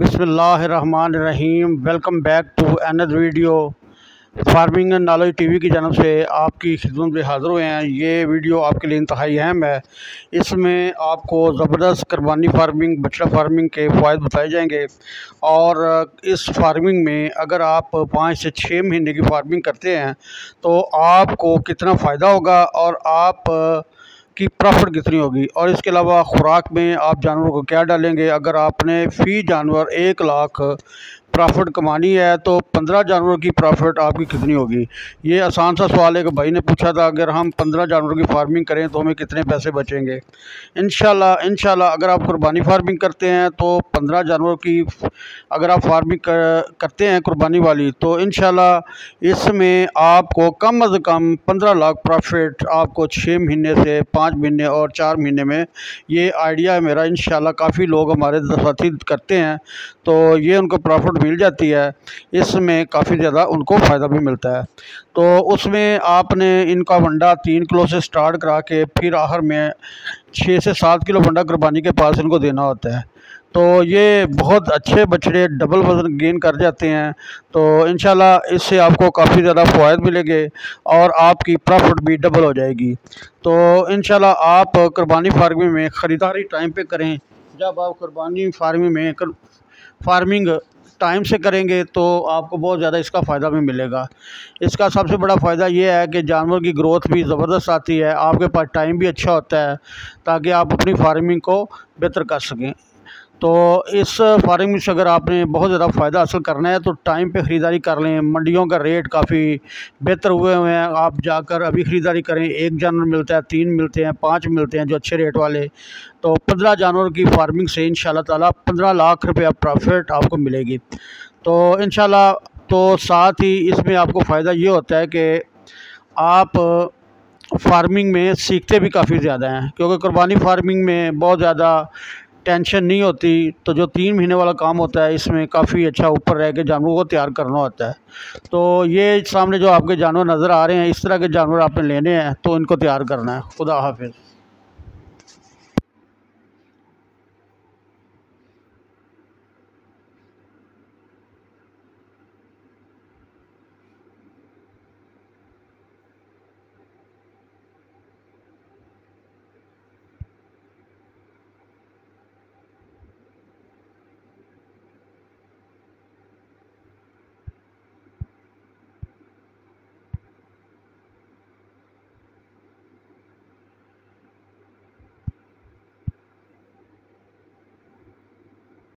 बिसमीम welcome back to another video farming and knowledge TV की जानब से आपकी खिदमत में हाज़िर हुए हैं ये वीडियो आपके लिए इंतहाई अहम है इसमें आपको ज़बरदस्त कुरबानी फार्मिंग बछड़ा फार्मिंग के फ़ायदे बताए जाएंगे और इस फार्मिंग में अगर आप पाँच से छः महीने की फार्मिंग करते हैं तो आपको कितना फ़ायदा होगा और आप की प्रॉफिट कितनी होगी और इसके अलावा ख़ुराक में आप जानवरों को क्या डालेंगे अगर आपने फ़ी जानवर एक लाख प्रॉफिट कमानी है तो पंद्रह जानवरों की प्रॉफिट आपकी कितनी होगी ये आसान सा सवाल एक भाई ने पूछा था अगर हम पंद्रह जानवरों की फार्मिंग करें तो हमें कितने पैसे बचेंगे इन शाह अगर आप कुर्बानी फार्मिंग करते हैं तो पंद्रह जानवरों की अगर आप फार्मिंग कर, करते हैं कुर्बानी वाली तो इन इसमें आपको कम अज़ कम पंद्रह लाख प्रॉफिट आपको छः महीने से पाँच महीने और चार महीने में ये आइडिया है मेरा इन काफ़ी लोग हमारे साथी करते हैं तो ये उनको प्रॉफिट मिल जाती है इसमें काफ़ी ज़्यादा उनको फ़ायदा भी मिलता है तो उसमें आपने इनका वंडा तीन किलो से स्टार्ट करा के फिर आखिर में छः से सात किलो वंडा कुरबानी के पास इनको देना होता है तो ये बहुत अच्छे बछड़े डबल वज़न गेन कर जाते हैं तो इन इससे आपको काफ़ी ज़्यादा फ़ायद मिलेंगे और आपकी प्रॉफिट भी डबल हो जाएगी तो इन आप क़ुरबानी फार्मिंग में ख़रीदारी टाइम पे करें जब आप कुरबानी फार्मिंग में कर, फार्मिंग टाइम से करेंगे तो आपको बहुत ज़्यादा इसका फ़ायदा भी मिलेगा इसका सबसे बड़ा फ़ायदा यह है कि जानवर की ग्रोथ भी ज़बरदस्त आती है आपके पास टाइम भी अच्छा होता है ताकि आप अपनी फार्मिंग को बेहतर कर सकें तो इस फार्मिंग से अगर आपने बहुत ज़्यादा फ़ायदा हासिल करना है तो टाइम पे ख़रीदारी कर लें मंडियों का रेट काफ़ी बेहतर हुए हुए हैं आप जाकर अभी ख़रीदारी करें एक जानवर मिलता है तीन मिलते हैं पाँच मिलते हैं जो अच्छे रेट वाले तो पंद्रह जानवर की फार्मिंग से इन तला पंद्रह लाख रुपया प्रॉफिट आपको मिलेगी तो इन तो साथ ही इसमें आपको फ़ायदा ये होता है कि आप फार्मिंग में सीखते भी काफ़ी ज़्यादा हैं क्योंकि कुर्बानी फार्मिंग में बहुत ज़्यादा टेंशन नहीं होती तो जो तीन महीने वाला काम होता है इसमें काफ़ी अच्छा ऊपर रह के जानवरों को तैयार करना होता है तो ये सामने जो आपके जानवर नज़र आ रहे हैं इस तरह के जानवर आपने लेने हैं तो इनको तैयार करना है खुदा हाफिज़